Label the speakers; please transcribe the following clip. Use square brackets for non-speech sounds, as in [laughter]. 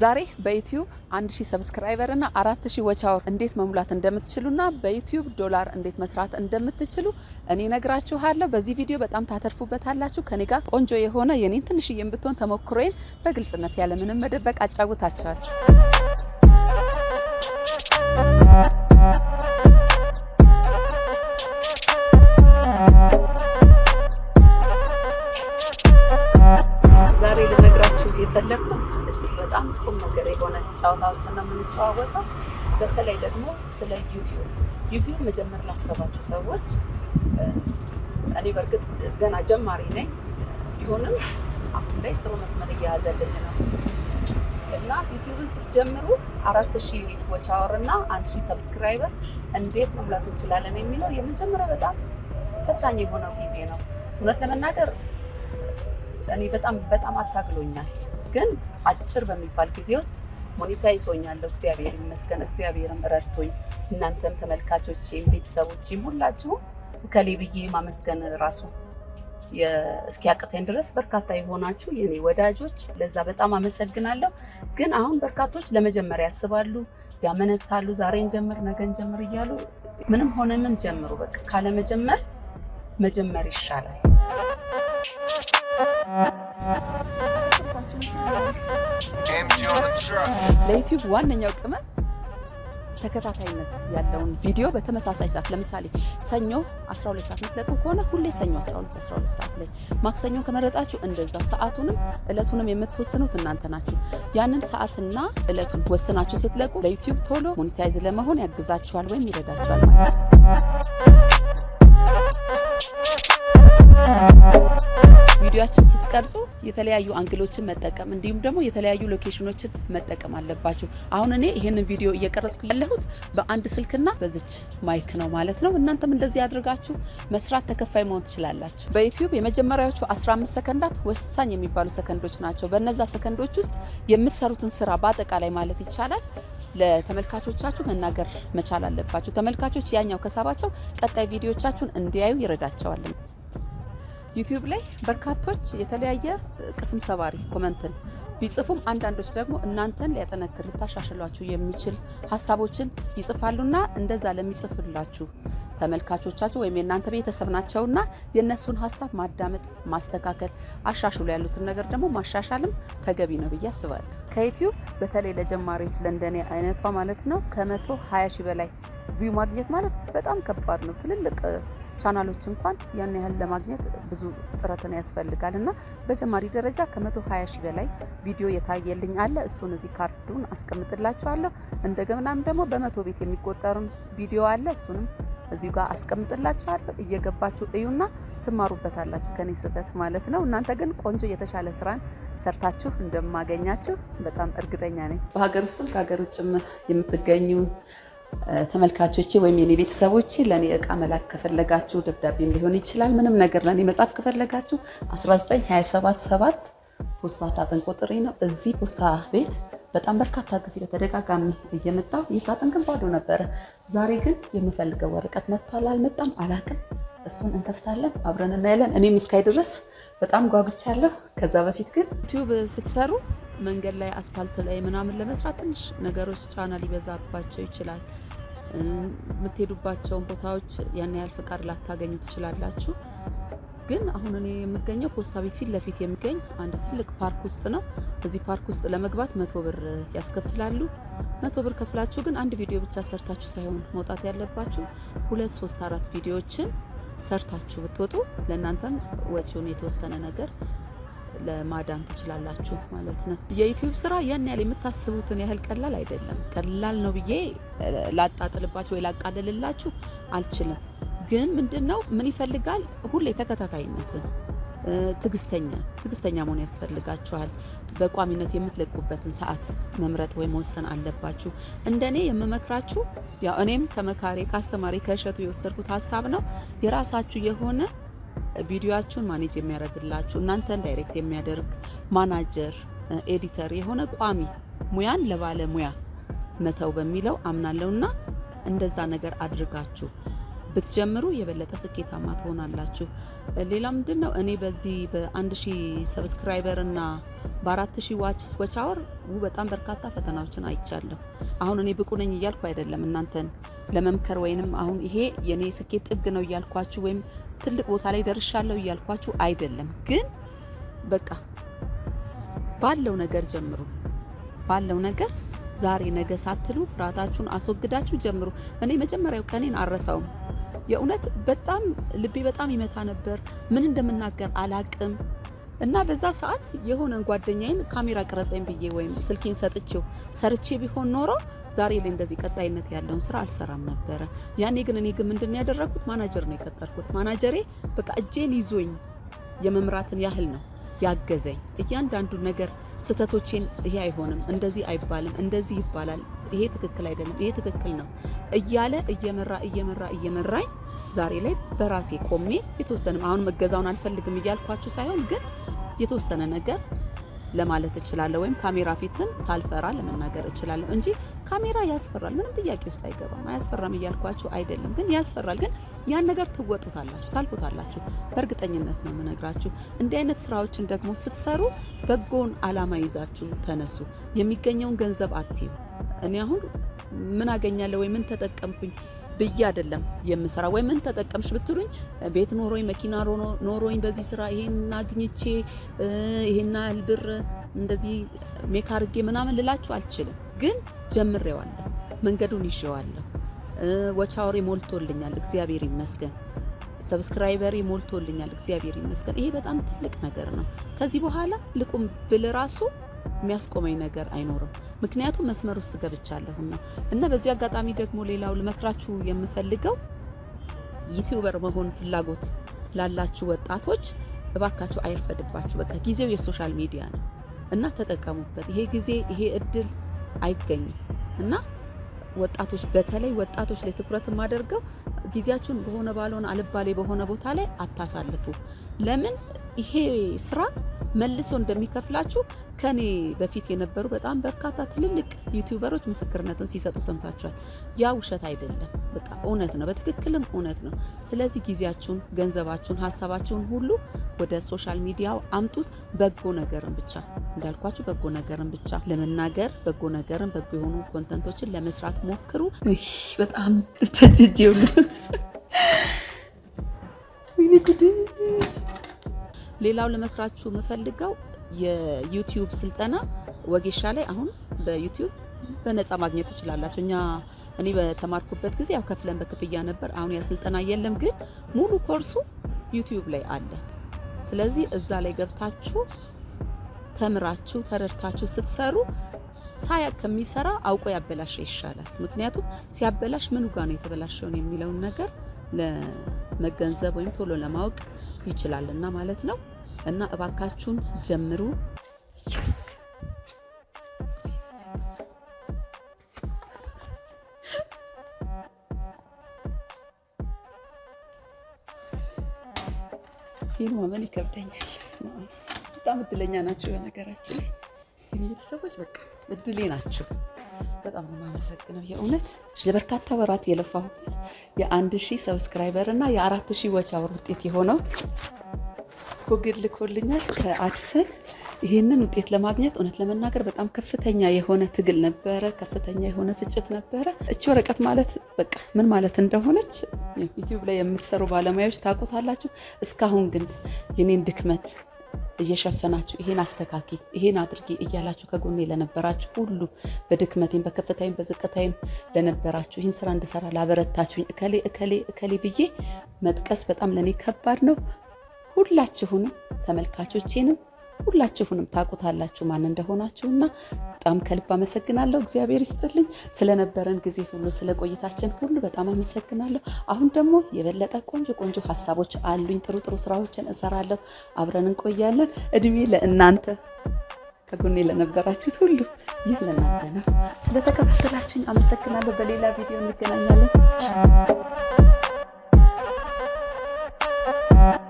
Speaker 1: ዛሬ በዩቲዩብ 1000 ሰብስክራይበር እና 4000 ዋች አወር እንዴት መሙላት እንደምትችሉና በዩቲዩብ ዶላር እንዴት መስራት እንደምትችሉ እኔ ነግራችኋለሁ። በዚህ ቪዲዮ በጣም ታተርፉበታላችሁ። ከኔ ጋር ቆንጆ የሆነ የኔን ትንሽዬም ብትሆን ተሞክሮዬን በግልጽነት ያለምንም መደበቅ አጫውታችኋለሁ። የፈለግኩት እጅግ በጣም ቁም ነገር የሆነ ጨዋታዎችን ነው የምንጨዋወተው። በተለይ ደግሞ ስለ ዩቲዩብ ዩቲዩብ መጀመር ላሰባችሁ ሰዎች እኔ በእርግጥ ገና ጀማሪ ነኝ፣ ቢሆንም አሁን ላይ ጥሩ መስመር እየያዘልኝ ነው እና ዩቲዩብን ስትጀምሩ አራት ሺህ ወቻወር እና አንድ ሺህ ሰብስክራይበር እንዴት መሙላት እንችላለን የሚለው የመጀመሪያ በጣም ፈታኝ የሆነው ጊዜ ነው። እውነት ለመናገር እኔ በጣም በጣም አታግሎኛል። ግን አጭር በሚባል ጊዜ ውስጥ ሞኔታይዝ ሆኛለሁ። እግዚአብሔር ይመስገን። እግዚአብሔርም ረድቶኝ እናንተም ተመልካቾቼም ቤተሰቦቼም ሁላችሁ ከሌ ብዬ ማመስገን ራሱ እስኪያቅተኝ ድረስ በርካታ የሆናችሁ የኔ ወዳጆች ለዛ በጣም አመሰግናለሁ። ግን አሁን በርካቶች ለመጀመር ያስባሉ፣ ያመነታሉ። ዛሬን ጀምር ነገን ጀምር እያሉ ምንም ሆነ ምን ጀምሩ፣ በቃ ካለመጀመር መጀመር ይሻላል። ለዩቲዩብ ዋነኛው ቅመም ተከታታይነት ያለውን ቪዲዮ በተመሳሳይ ሰዓት ለምሳሌ ሰኞ 12 ሰዓት የምትለቁ ከሆነ ሁሌ ሰኞ 12 12 ሰዓት ላይ፣ ማክሰኞ ከመረጣችሁ እንደዛ ሰዓቱንም እለቱንም የምትወስኑት እናንተ ናችሁ። ያንን ሰዓትና እለቱን ወስናችሁ ስትለቁ ለዩቲዩብ ቶሎ ሞኒታይዝ ለመሆን ያግዛችኋል ወይም ይረዳችኋል ማለት ነው። ቪዲዮችን ስትቀርጹ የተለያዩ አንግሎችን መጠቀም እንዲሁም ደግሞ የተለያዩ ሎኬሽኖችን መጠቀም አለባችሁ። አሁን እኔ ይህንን ቪዲዮ እየቀረጽኩ ያለሁት በአንድ ስልክና በዚች ማይክ ነው ማለት ነው። እናንተም እንደዚህ አድርጋችሁ መስራት ተከፋይ መሆን ትችላላችሁ። በዩትዩብ የመጀመሪያዎቹ 15 ሰከንዳት ወሳኝ የሚባሉ ሰከንዶች ናቸው። በነዛ ሰከንዶች ውስጥ የምትሰሩትን ስራ በአጠቃላይ ማለት ይቻላል ለተመልካቾቻችሁ መናገር መቻል አለባችሁ። ተመልካቾች ያኛው ከሳባቸው ቀጣይ ቪዲዮቻችሁን እንዲያዩ ይረዳቸዋል። ዩቲዩብ ላይ በርካቶች የተለያየ ቅስም ሰባሪ ኮመንትን ቢጽፉም አንዳንዶች ደግሞ እናንተን ሊያጠነክር ልታሻሽሏችሁ የሚችል ሀሳቦችን ይጽፋሉና እንደዛ ለሚጽፍላችሁ ተመልካቾቻችሁ ወይም የእናንተ ቤተሰብ ናቸውና የእነሱን ሀሳብ ማዳመጥ፣ ማስተካከል፣ አሻሽሉ ያሉትን ነገር ደግሞ ማሻሻልም ተገቢ ነው ብዬ አስባለሁ። ከዩቲዩብ በተለይ ለጀማሪዎች ለእንደኔ አይነቷ ማለት ነው ከመቶ ሀያ ሺህ በላይ ቪው ማግኘት ማለት በጣም ከባድ ነው። ትልልቅ ቻናሎች እንኳን ያን ያህል ለማግኘት ብዙ ጥረትን ያስፈልጋል እና በጀማሪ ደረጃ ከ120 ሺህ በላይ ቪዲዮ የታየልኝ አለ። እሱን እዚህ ካርዱን አስቀምጥላችኋለሁ። እንደገናም ደግሞ በመቶ ቤት የሚቆጠርን ቪዲዮ አለ። እሱንም እዚሁ ጋር አስቀምጥላችኋለሁ። እየገባችሁ እዩና ትማሩበታላችሁ ከኔ ስህተት ማለት ነው። እናንተ ግን ቆንጆ የተሻለ ስራን ሰርታችሁ እንደማገኛችሁ በጣም እርግጠኛ ነኝ። በሀገር ውስጥም ከሀገር ውጭም የምትገኙ ተመልካቾቼ ወይም የኔ ቤተሰቦቼ ለእኔ እቃ መላክ ከፈለጋችሁ ደብዳቤም ሊሆን ይችላል። ምንም ነገር ለእኔ መጻፍ ከፈለጋችሁ 1927 ፖስታ ሳጥን ቁጥሬ ነው። እዚህ ፖስታ ቤት በጣም በርካታ ጊዜ በተደጋጋሚ እየመጣ ይህ ሳጥን ግን ባዶ ነበረ። ዛሬ ግን የምፈልገው ወረቀት መጥቷል። አልመጣም አላቅም እሱን እንከፍታለን አብረን እናያለን። እኔም እስካይ ድረስ በጣም ጓጉቻለሁ። ከዛ በፊት ግን ዩቲዩብ ስትሰሩ መንገድ ላይ አስፓልት ላይ ምናምን ለመስራት ትንሽ ነገሮች ጫና ሊበዛባቸው ይችላል። የምትሄዱባቸውን ቦታዎች ያን ያህል ፍቃድ ላታገኙ ትችላላችሁ። ግን አሁን እኔ የምገኘው ፖስታ ቤት ፊት ለፊት የሚገኝ አንድ ትልቅ ፓርክ ውስጥ ነው። እዚህ ፓርክ ውስጥ ለመግባት መቶ ብር ያስከፍላሉ። መቶ ብር ከፍላችሁ ግን አንድ ቪዲዮ ብቻ ሰርታችሁ ሳይሆን መውጣት ያለባችሁ ሁለት ሶስት አራት ቪዲዮዎችን ሰርታችሁ ብትወጡ ለእናንተም ወጪውን የተወሰነ ነገር ለማዳን ትችላላችሁ ማለት ነው። የዩቲዩብ ስራ ያን ያህል የምታስቡትን ያህል ቀላል አይደለም። ቀላል ነው ብዬ ላጣጥልባችሁ ወይ ላቃልልላችሁ አልችልም። ግን ምንድን ነው ምን ይፈልጋል ሁሌ ተከታታይነትን ትግስተኛ ትግስተኛ መሆን ያስፈልጋችኋል። በቋሚነት የምትለቁበትን ሰዓት መምረጥ ወይም መወሰን አለባችሁ። እንደኔ የምመክራችሁ ያው እኔም ከመካሬ ከአስተማሪ ከእሸቱ የወሰድኩት ሀሳብ ነው። የራሳችሁ የሆነ ቪዲዮችሁን ማኔጅ የሚያደርግላችሁ እናንተን ዳይሬክት የሚያደርግ ማናጀር፣ ኤዲተር የሆነ ቋሚ ሙያን ለባለሙያ መተው በሚለው አምናለሁና እንደዛ ነገር አድርጋችሁ ብትጀምሩ የበለጠ ስኬታማ ትሆናላችሁ። ሌላ ምንድን ነው እኔ በዚህ በ1000 ሰብስክራይበር እና በ4000 ዋች ወች አወር በጣም በርካታ ፈተናዎችን አይቻለሁ። አሁን እኔ ብቁ ነኝ እያልኩ አይደለም እናንተን ለመምከር ወይንም አሁን ይሄ የኔ ስኬት ጥግ ነው እያልኳችሁ ወይም ትልቅ ቦታ ላይ ደርሻለሁ እያልኳችሁ አይደለም። ግን በቃ ባለው ነገር ጀምሩ። ባለው ነገር ዛሬ ነገ ሳትሉ ፍርሃታችሁን አስወግዳችሁ ጀምሩ። እኔ መጀመሪያው ቀኔን አረሳውም። የእውነት በጣም ልቤ በጣም ይመታ ነበር። ምን እንደምናገር አላቅም። እና በዛ ሰዓት የሆነን ጓደኛዬን ካሜራ ቅረጸኝ ብዬ ወይም ስልኬን ሰጥቼው ሰርቼ ቢሆን ኖሮ ዛሬ ላይ እንደዚህ ቀጣይነት ያለውን ስራ አልሰራም ነበረ። ያኔ ግን እኔ ግን ምንድን ያደረግኩት ማናጀር ነው የቀጠርኩት። ማናጀሬ በቃ እጄን ይዞኝ የመምራትን ያህል ነው ያገዘኝ። እያንዳንዱ ነገር ስህተቶቼን ይሄ አይሆንም፣ እንደዚህ አይባልም፣ እንደዚህ ይባላል ይሄ ትክክል አይደለም፣ ይሄ ትክክል ነው እያለ እየመራ እየመራ እየመራኝ ዛሬ ላይ በራሴ ቆሜ የተወሰነ አሁን መገዛውን አልፈልግም እያልኳችሁ ሳይሆን ግን የተወሰነ ነገር ለማለት እችላለሁ፣ ወይም ካሜራ ፊትም ሳልፈራ ለመናገር እችላለሁ እንጂ ካሜራ ያስፈራል፣ ምንም ጥያቄ ውስጥ አይገባም፣ አያስፈራም እያልኳችሁ አይደለም። ግን ያስፈራል፣ ግን ያን ነገር ትወጡታላችሁ፣ ታልፎታላችሁ። በእርግጠኝነት ነው የምነግራችሁ። እንዲህ አይነት ስራዎችን ደግሞ ስትሰሩ በጎን አላማ ይዛችሁ ተነሱ። የሚገኘውን ገንዘብ አትዩ። እኔ አሁን ምን አገኛለሁ ወይ ምን ተጠቀምኩኝ ብዬ አይደለም የምሰራ ወይ ምን ተጠቀምሽ ብትሉኝ ቤት ኖሮኝ መኪና ኖሮኝ በዚህ ስራ ይሄን አግኝቼ ይሄን ያህል ብር እንደዚህ ሜክ አድርጌ ምናምን ልላችሁ አልችልም። ግን ጀምሬዋለሁ፣ መንገዱን ይዤዋለሁ። ወቻወሬ ሞልቶልኛል፣ እግዚአብሔር ይመስገን። ሰብስክራይበሬ ሞልቶልኛል፣ እግዚአብሔር ይመስገን። ይሄ በጣም ትልቅ ነገር ነው። ከዚህ በኋላ ልቁም ብል ራሱ የሚያስቆመኝ ነገር አይኖርም። ምክንያቱም መስመር ውስጥ ገብቻለሁና እና በዚህ አጋጣሚ ደግሞ ሌላው ልመክራችሁ የምፈልገው ዩቲዩበር መሆን ፍላጎት ላላችሁ ወጣቶች እባካችሁ አይርፈድባችሁ። በቃ ጊዜው የሶሻል ሚዲያ ነው እና ተጠቀሙበት። ይሄ ጊዜ ይሄ እድል አይገኝም እና ወጣቶች በተለይ ወጣቶች ላይ ትኩረት የማደርገው ጊዜያችሁን በሆነ ባልሆነ አልባሌ በሆነ ቦታ ላይ አታሳልፉ። ለምን ይሄ ስራ መልሶ እንደሚከፍላችሁ ከኔ በፊት የነበሩ በጣም በርካታ ትልልቅ ዩቲዩበሮች ምስክርነትን ሲሰጡ ሰምታችኋል። ያ ውሸት አይደለም፣ በቃ እውነት ነው፣ በትክክልም እውነት ነው። ስለዚህ ጊዜያችሁን፣ ገንዘባችሁን፣ ሀሳባችሁን ሁሉ ወደ ሶሻል ሚዲያው አምጡት። በጎ ነገርን ብቻ እንዳልኳችሁ በጎ ነገርን ብቻ ለመናገር በጎ ነገርን በጎ የሆኑ ኮንተንቶችን ለመስራት ሞክሩ። በጣም ተጅጅ [laughs] ሌላው ልመክራችሁ የምፈልገው የዩቲዩብ ስልጠና ወጌሻ ላይ አሁን በዩቲዩብ በነፃ ማግኘት ትችላላችሁ። እኛ እኔ በተማርኩበት ጊዜ ያው ከፍለን በክፍያ ነበር። አሁን ያ ስልጠና የለም፣ ግን ሙሉ ኮርሱ ዩቲዩብ ላይ አለ። ስለዚህ እዛ ላይ ገብታችሁ ተምራችሁ ተረድታችሁ ስትሰሩ ሳያ ከሚሰራ አውቆ ያበላሸ ይሻላል። ምክንያቱም ሲያበላሽ ምኑ ጋ ነው የተበላሸውን የሚለውን ነገር ለመገንዘብ ወይም ቶሎ ለማወቅ ይችላልና ማለት ነው። እና እባካችሁን ጀምሩ። ይህን ማመን ይከብደኛል። በጣም እድለኛ ናቸው። በነገራችሁ ቤተሰቦች በቃ እድሌ ናቸው። በጣም ነው የማመሰግነው። የእውነት ለበርካታ ወራት የለፋሁበት የአንድ ሺህ ሰብስክራይበር እና የአራት ሺህ ወቻወር ውጤት የሆነው ጉግል ልኮልኛል ከአድሰን ይህንን ውጤት ለማግኘት እውነት ለመናገር በጣም ከፍተኛ የሆነ ትግል ነበረ፣ ከፍተኛ የሆነ ፍጭት ነበረ። እቺ ወረቀት ማለት በቃ ምን ማለት እንደሆነች ዩቲዩብ ላይ የምትሰሩ ባለሙያዎች ታውቁታላችሁ። እስካሁን ግን የኔን ድክመት እየሸፈናችሁ ይሄን አስተካኪ ይሄን አድርጊ እያላችሁ ከጎኔ ለነበራችሁ ሁሉ በድክመቴም በከፍታይም በዝቅታይም ለነበራችሁ ይህን ስራ እንድሰራ ላበረታችሁኝ እከሌ እከሌ እከሌ ብዬ መጥቀስ በጣም ለእኔ ከባድ ነው። ሁላችሁንም ተመልካቾቼንም ሁላችሁንም ታውቁታላችሁ ማን እንደሆናችሁና በጣም ከልብ አመሰግናለሁ። እግዚአብሔር ይስጥልኝ። ስለነበረን ጊዜ ሁሉ፣ ስለ ቆይታችን ሁሉ በጣም አመሰግናለሁ። አሁን ደግሞ የበለጠ ቆንጆ ቆንጆ ሀሳቦች አሉኝ። ጥሩ ጥሩ ስራዎችን እሰራለሁ። አብረን እንቆያለን። እድሜ ለእናንተ ከጎኔ ለነበራችሁት ሁሉ ይህ ለእናንተ ነው። ስለተከታተላችሁኝ አመሰግናለሁ። በሌላ ቪዲዮ እንገናኛለን።